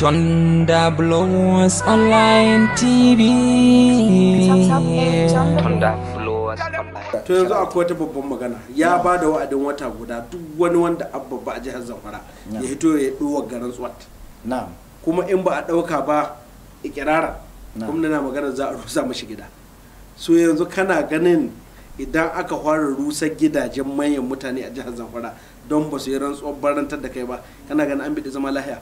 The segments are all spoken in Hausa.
Thunder Blows Online TV. Thunder Online. To yanzu akwai wata babban magana ya ba da wa'adin wata guda duk wani wanda abba ba a jihar Zamfara ya hito ya ɗuwa garin SWAT. Kuma in ba a ɗauka ba ikirara. Kuma na magana za a rusa mashi gida. So yanzu kana ganin idan aka fara rusa gidajen manyan mutane a jihar Zamfara don ba su yi rantsuwar barantar da kai ba kana ganin an biɗi zama lahiya.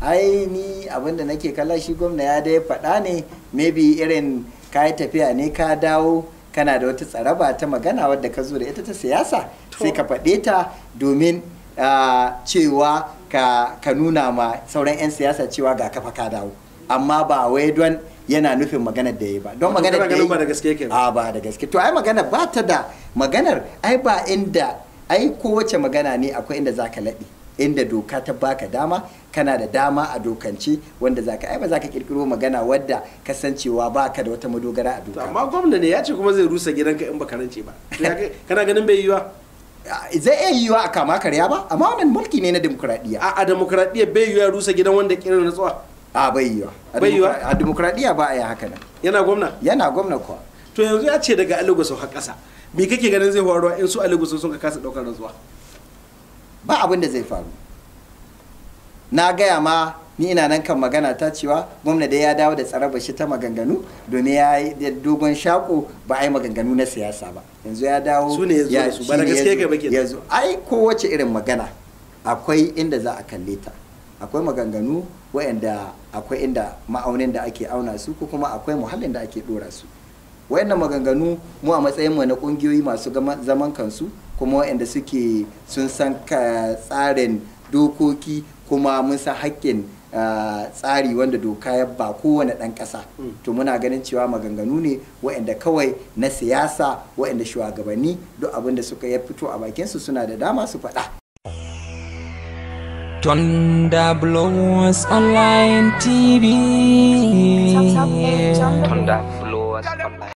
ai ni abinda nake kalla shi gwamna ya dai faɗa ne maybe irin ka yi tafiya ne ka dawo kana da wata tsaraba ta magana wadda ka zo da ita ta siyasa sai ka faɗe ta domin ah, cewa ka nuna ma sauran 'yan siyasa cewa ga kafa ka dawo amma ba wai don yana nufin maganar da ya ba don maganar da ya ba da gaske ke a ah, ba da gaske to ai magana ba ta da maganar ai ba inda ai kowace magana ne akwai inda za ka laɗe inda doka ta baka dama kana da dama a dokance wanda zaka ai ba zaka kirkiro magana wadda kasancewa baka da wata madogara a doka amma gwamna ne ya ce kuma zai rusa gidanka in baka rance ba kana ganin bai yiwa ah, zai iya yiwa a kama karya ba amma wannan mulki ne na demokradiya a a demokradiya bai yiwa rusa gidan wanda kirin na tsawa a bai yiwa bai yiwa a demokradiya ba a yi haka nan yana gwamna yana gwamna kuwa to yanzu ya ce daga aligo sau har kasa me kake ganin zai faruwa in su aligo sun ka kasa daukar rantsuwa ba abin da zai faru na gaya ma ni ina nan kan magana ta cewa gwamna dai ya dawo da tsaraba bashi ta maganganu domin ya yi dogon shako ba a yi maganganu na siyasa ba yanzu ya dawo su ne ya su ba gaske yanzu ai kowace irin magana akwai inda za a kalle ta akwai maganganu wayanda akwai inda ma'aunin da ake auna su ko kuma akwai muhallin da ake dora su wayannan maganganu mu a matsayin mu na kungiyoyi masu zaman kansu kuma waɗanda suke sun san tsarin dokoki kuma mun san haƙƙin ah, tsari wanda doka ya ba kowane ɗan ƙasa hmm. to muna ganin cewa maganganu ne waɗanda kawai na siyasa waɗanda shugabanni duk abin da suka ya fito a bakinsu suna da dama su faɗa. Tonda Blowers Online TV. Tonda Blowers Online.